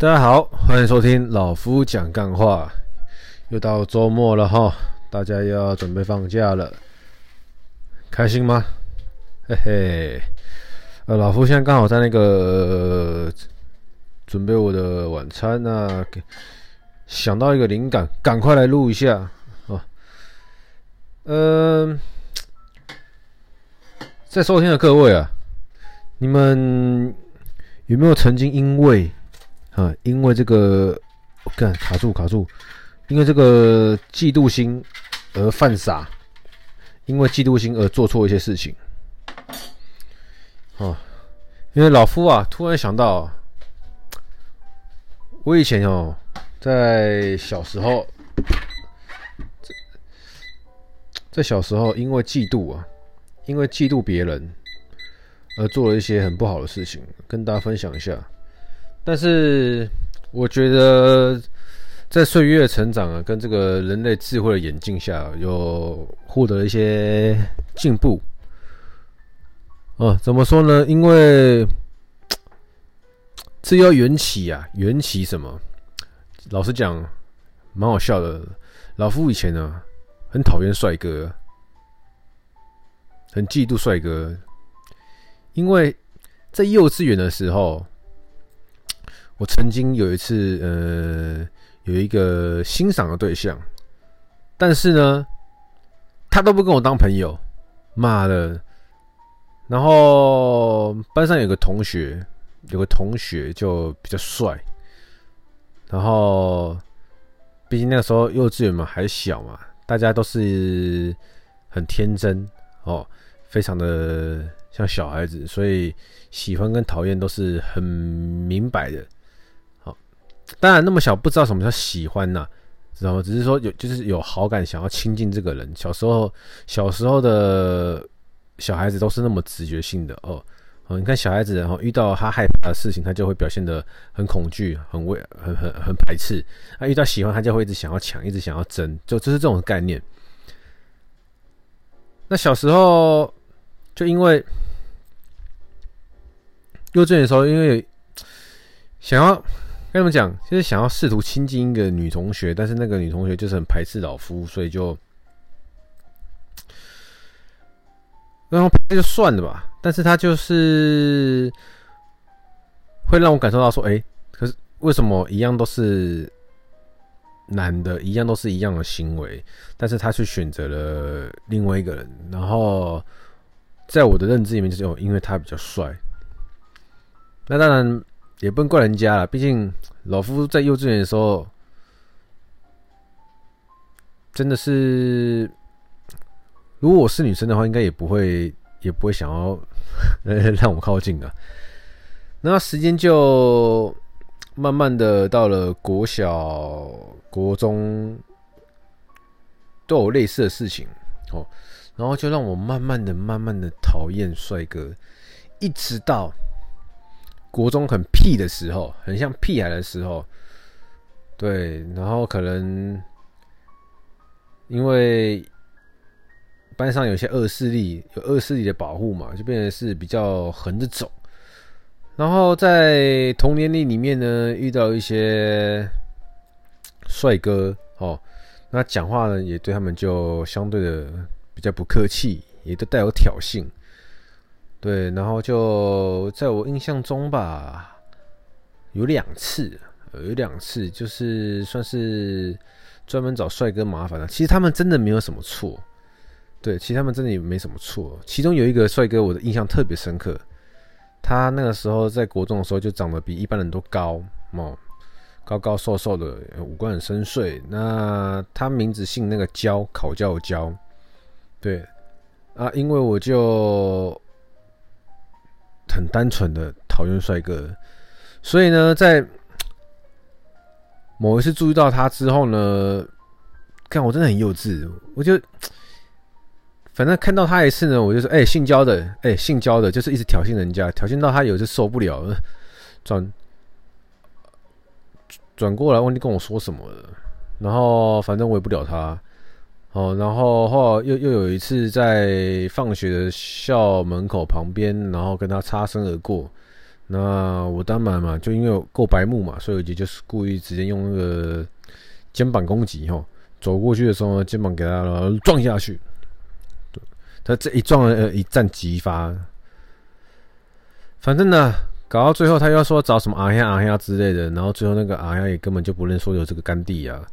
大家好，歡迎收聽老夫講幹話。又到週末了哈，大家又要準備放假了，開心嗎？嘿嘿。呃，老夫現在剛好在那個準備我的晚餐呢，啊，想到一個靈感，趕快來錄一下哦。嗯，在收聽的各位啊，你們有沒有曾經因為？啊，因為這個，我幹卡住卡住，因為這個嫉妒心而犯傻，因為嫉妒心而做錯一些事情。啊，因為老夫啊，突然想到，我以前哦，在小時候，在小時候因為嫉妒啊，因為嫉妒別人而做了一些很不好的事情，跟大家分享一下。但是我覺得，在歲月的成長啊，跟這個人類智慧的演進下啊，有獲得一些進步。哦，怎麼說呢？因為這要緣起啊，緣起什麼？老實講，蠻好笑的。老夫以前呢啊，很討厭帥哥，很嫉妒帥哥，因為在幼稚園的時候。我曾經有一次，呃，有一個欣賞的對象，但是呢，他都不跟我當朋友，媽的！然後班上有個同學，有個同學就比較帥，然後畢竟那個時候幼稚園嘛，還小嘛，大家都是很天真哦，非常的像小孩子，所以喜歡跟討厭都是很明白的。當然，那麼小不知道什麼叫喜歡吶、啊，然後只是說有，就是有好感，想要親近這個人。小時候，小時候的小孩子都是那麼直覺性的哦。哦，你看小孩子，然後遇到他害怕的事情，他就會表現得很恐懼、很畏、很很很排斥啊。遇到喜歡，他就會一直想要搶，一直想要爭，就就是這種概念。那小時候，就因為幼稚園的時候，因為想要。跟你們講，就是想要試圖親近一個女同學，但是那個女同學就是很排斥老夫，所以就然後排就算了吧。但是他就是會讓我感受到說，哎、欸，可是為什麼一樣都是男的，一樣都是一樣的行為，但是他卻選擇了另外一個人。然後在我的認知裡面，就是因為他比較帥。那當然。也不能怪人家了，畢竟老夫在幼稚園的時候，真的是，如果我是女生的話，應該也不會，也不會想要讓我靠近啊。那時間就慢慢的到了國小、國中，都有類似的事情哦，然後就讓我慢慢的、慢慢的討厭帥哥，一直到。國中很屁的時候，很像屁孩的時候，對，然後可能因為班上有些惡勢力，有惡勢力的保護嘛，就變成是比較橫着走。然後在同年齡裡面呢，遇到一些帥哥哦，那講話呢，也對他們就相對的比較不客氣，也都帶有挑釁。對，然後就在我印象中吧，有兩次，有兩次就是算是專門找帥哥麻煩的。其實他們真的沒有什麼錯，對，其實他們真的也沒什麼錯。其中有一個帥哥，我的印象特別深刻。他那個時候在國中的時候就長得比一般人都高，哦，高高瘦瘦的，五官很深邃。那他名字姓那個焦，考教教。對，啊，因為我就。很單純的討厭帥哥，所以呢，在某一次注意到他之後呢，看我真的很幼稚，我就反正看到他一次呢，我就說，哎，性交的，哎，性交的，就是一直挑釁人家，挑釁到他有時受不了，轉轉過來忘記跟我說什麼了，然後反正我也不鳥他。哦，然後後又又有一次在放學的校門口旁邊，然後跟他擦身而過。那我當然嘛，就因為有夠白目嘛，所以我就就是故意直接用那個肩膀攻擊。哈、哦，走過去的時候呢，肩膀給他撞下去。他這一撞，呃，一戰即發。反正呢，搞到最後，他又說要找什麼阿、啊、呀阿、啊、呀之類的，然後最後那個阿、啊、呀也根本就不認說有這個甘地啊。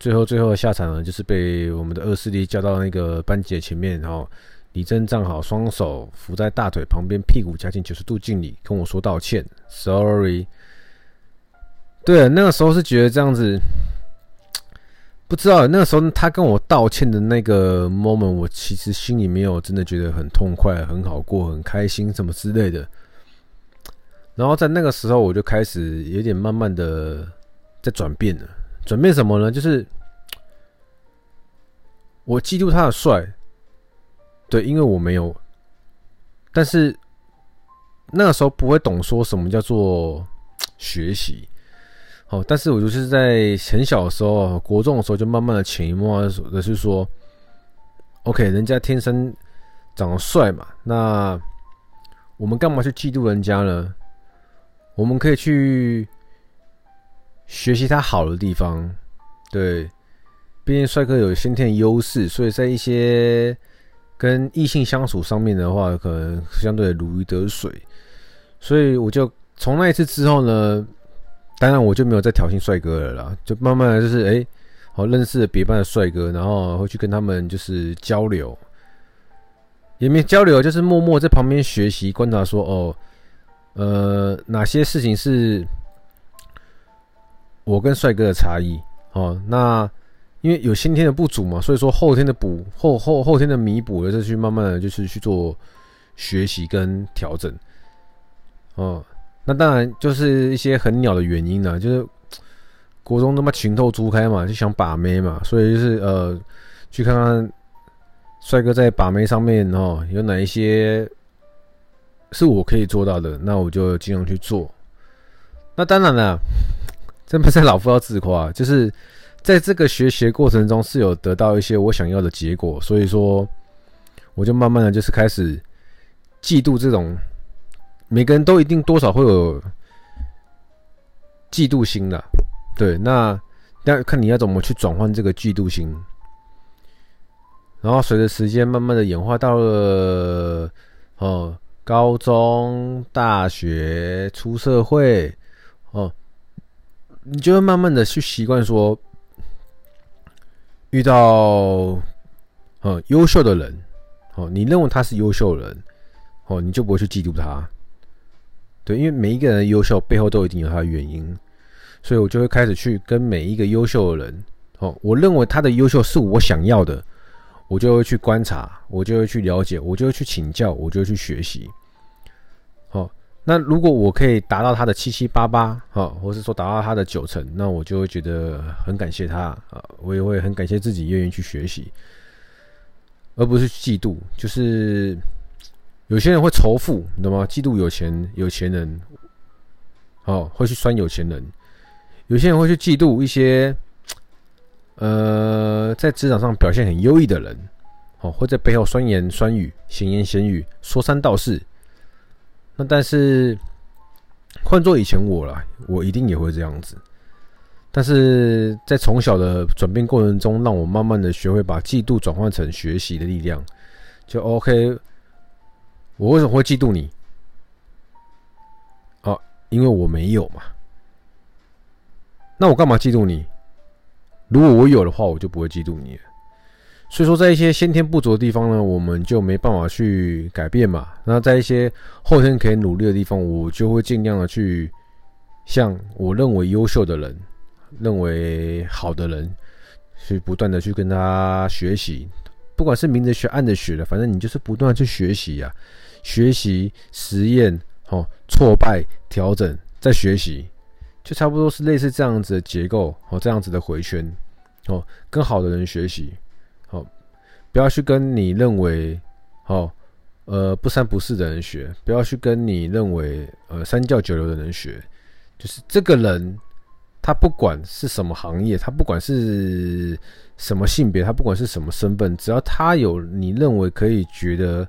最後，最後的下場呢，就是被我們的二師弟叫到那個班級的前面，然後立正站好，雙手扶在大腿旁邊，屁股夾緊九十度敬禮，跟我說道歉，sorry。對了，那個時候是覺得這樣子，不知道那個時候他跟我道歉的那個 moment，我其實心裡面沒有真的覺得很痛快、很好過、很開心什麼之類的。然後在那個時候，我就開始有點慢慢的在轉變了。準備什麼呢？就是我嫉妒他的帥，對，因為我沒有。但是那個時候不會懂說什麼叫做學習。哦，但是我就是在很小的時候，國中的時候，就慢慢的潛移默化的是說，OK，人家天生長得帥嘛，那我們幹嘛去嫉妒人家呢？我們可以去。學習他好的地方，對，畢竟帥哥有先天的優勢，所以在一些跟異性相處上面的話，可能相對的如魚得水。所以我就從那一次之後呢，當然我就沒有再挑釁帥哥了啦，就慢慢來就是哎，我認識了別班的帥哥，然後會去跟他們就是交流，也沒交流，就是默默在旁邊學習觀察，說哦，呃，哪些事情是。我跟帥哥的差異哦，那因為有先天的不足嘛，所以說後天的補後後後天的彌補，就是去慢慢的就是去做學習跟調整哦。那當然就是一些很鳥的原因呢、啊，就是國中那麼情竇初開嘛，就想把妹嘛，所以就是呃去看看帥哥在把妹上面哦有哪一些是我可以做到的，那我就盡量去做。那當然了、啊。真不是老夫要自誇，就是在這個學習過程中是有得到一些我想要的結果，所以說我就慢慢的就是開始嫉妒這種，每個人都一定多少會有嫉妒心啦，對，那那看你要怎麼去轉換這個嫉妒心，然後隨着時間慢慢的演化到了哦，高中、大學、出社會，哦。你就會慢慢的去習慣說，遇到，呃，優秀的人，哦，你認為他是優秀的人，哦，你就不會去嫉妒他，對，因為每一個人的優秀背後都一定有他的原因，所以我就會開始去跟每一個優秀的人，哦，我認為他的優秀是我想要的，我就會去觀察，我就會去了解，我就會去請教，我就會去學習。那如果我可以達到他的七七八八，好，或是說達到他的九成，那我就會覺得很感謝他啊，我也會很感謝自己願意去學習，而不是嫉妒。就是有些人會仇富，你懂嗎？嫉妒有錢有錢人，哦，會去酸有錢人；有些人會去嫉妒一些，呃，在職場上表現很優異的人，哦，會在背後酸言酸語、閒言閒語、說三道四。但是換作以前我啦，我一定也會這樣子。但是在從小的轉變過程中，讓我慢慢的學會把嫉妒轉換成學習的力量，就 OK。我為什麼會嫉妒你？啊，因為我沒有嘛。那我幹嘛嫉妒你？如果我有的話，我就不會嫉妒你了。所以說，在一些先天不足的地方呢，我們就沒辦法去改變嘛。那在一些後天可以努力的地方，我就會盡量的去，向我認為優秀的人，認為好的人，去不斷的去跟他學習，不管是明着學、暗着學的，反正你就是不斷的去學習呀，學習、實驗、哦，挫敗、調整、再學習，就差不多是類似這樣子的結構和、哦、這樣子的回圈，哦，跟好的人學習。不要去跟你認為哦，呃、不三不四的人學，不要去跟你認為呃、三教九流的人學。就是這個人他不管是什麼行業，他不管是什麼性別，他不管是什麼身份，只要他有你認為可以覺得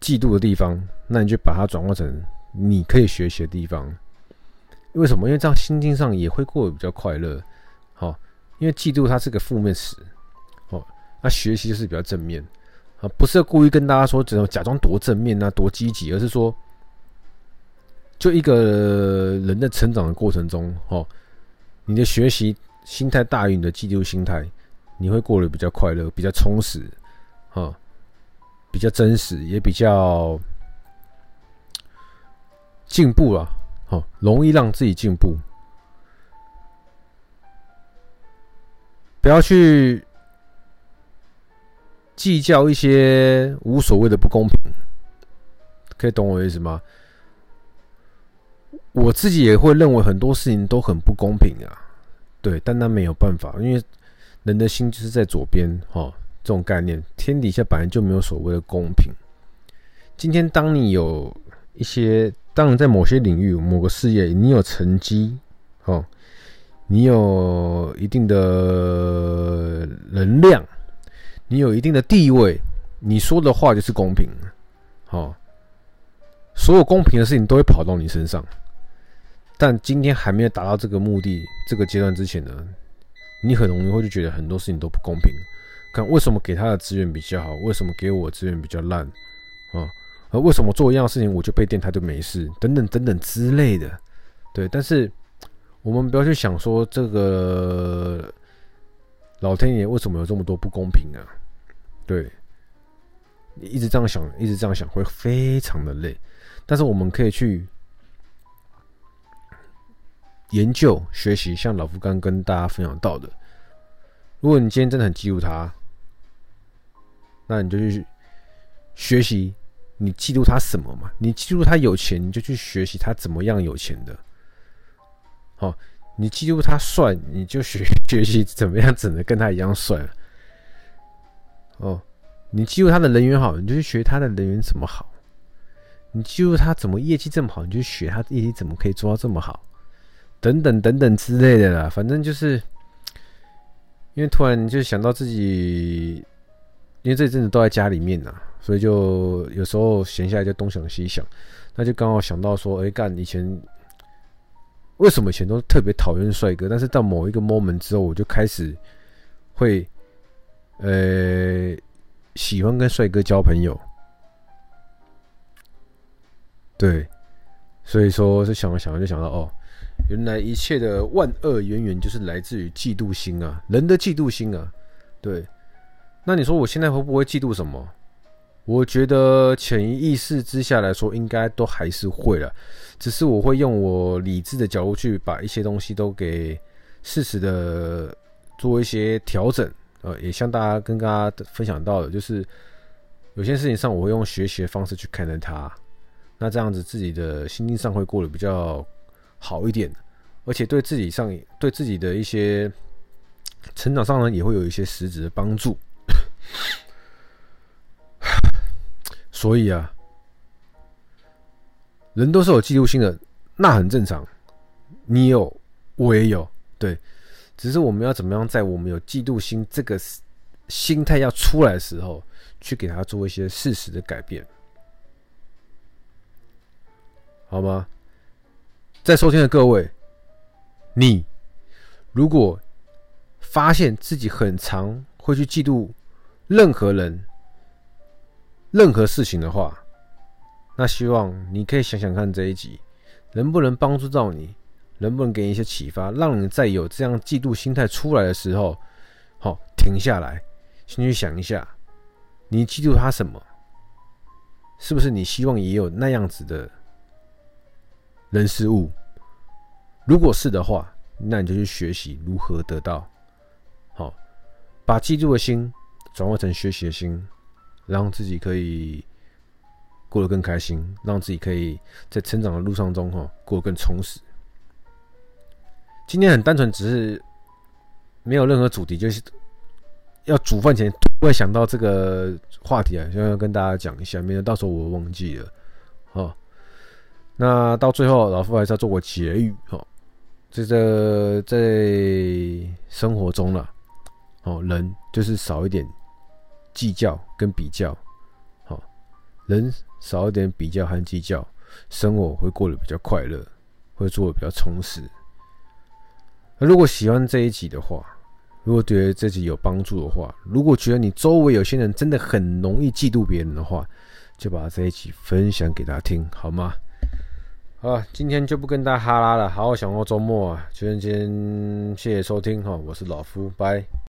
嫉妒的地方，那你就把它轉化成你可以學習的地方。為什麼？因為這樣心境上也會過得比較快樂。哦，因為嫉妒它是個負面詞。那學習就是比較正面啊，不是故意跟大家說，只能假裝多正面啊，多積極，而是說，就一個人的成長的過程中，哦，你的學習心態大於你的嫉妒心態，你會過得比較快樂，比較充實，哈，比較真實，也比較進步啊，容易讓自己進步，不要去。計較一些無所謂的不公平，可以懂我的意思嗎？我自己也會認為很多事情都很不公平啊，對，但那沒有辦法，因為人的心就是在左邊，哦，這種概念，天底下本來就沒有所謂的公平。今天，當你有一些，當你在某些領域、某個事業，你有成績，哦，你有一定的能量。你有一定的地位，你說的話就是公平，好，哦，所有公平的事情都會跑到你身上。但今天還沒有達到這個目的，這個階段之前呢，你很容易會覺得很多事情都不公平。看為什麼給他的資源比較好，為什麼給我資源比較爛啊？哦，而為什麼做一樣的事情我就被電，他就沒事？等等等等之類的。對，但是我們不要去想說，這個老天爺為什麼有這麼多不公平啊。對，你一直這樣想，一直這樣想會非常的累。但是我們可以去研究、學習，像老夫剛跟大家分享到的。如果你今天真的很嫉妒他，那你就去學習你嫉妒他什麼嘛？你嫉妒他有錢，你就去學習他怎麼樣有錢的。好，你嫉妒他帥，你就學學習怎麼樣整的跟他一樣帥。哦，你記住他的人緣好，你就去學他的人緣怎麼好；你記住他怎麼業績這麼好，你就學他業績怎麼可以做到這麼好，等等等等之類的啦。反正就是因為突然就想到自己，因為這一陣子都在家裡面啊，所以就有時候閒下來就東想西想，那就剛好想到說，哎幹，以前為什麼以前都特別討厭帥哥，但是到某一個 moment 之後，我就開始會。呃、欸，喜歡跟帥哥交朋友，對，所以說，就想了想啊，就想到哦，原來一切的萬惡源源就是來自於嫉妒心啊，人的嫉妒心啊，對，那你說我現在會不會嫉妒什麼？我覺得潛意、意識之下來說，應該都還是會了，只是我會用我理智的角度去把一些東西都給適時的做一些調整。呃，也向大家跟大家分享到的，就是有些事情上，我會用學習的方式去看待它，那這樣子自己的心境上會過得比較好一點，而且對自己上，對自己的一些成長上呢，也會有一些實質的幫助。 所以啊，人都是有嫉妒心的，那很正常，你有，我也有，對。只是我們要怎麼樣，在我們有嫉妒心這個心態要出來的時候，去給他做一些事實的改變，好嗎？在收聽的各位，你如果發現自己很常會去嫉妒任何人、任何事情的話，那希望你可以想想看這一集能不能幫助到你，能不能給你一些啟發，讓你在有這樣嫉妒心態出來的時候，好停下來，先去想一下，你嫉妒他什麼？是不是你希望也有那樣子的人事物？如果是的話，那你就去學習如何得到。好，把嫉妒的心轉化成學習的心，讓自己可以過得更開心，讓自己可以在成長的路上中哈過得更充實。今天很單純，只是沒有任何主題，就是要煮飯前突然想到這個話題啊，想要跟大家講一下，免得到時候我忘記了。哦。那到最後老夫還是要做個結語。哦，這個在生活中了，哦，人就是少一點計較跟比較，哦，人少一點比較和計較，生活會過得比較快樂，會做得比較充實。如果喜歡這一集的話，如果覺得這集有幫助的話，如果覺得你周圍有些人真的很容易嫉妒別人的話，就把這一集分享給他聽，好嗎？好，今天就不跟大家哈拉了，好好享受周末啊！就今天，謝謝收聽哈，我是老夫，拜。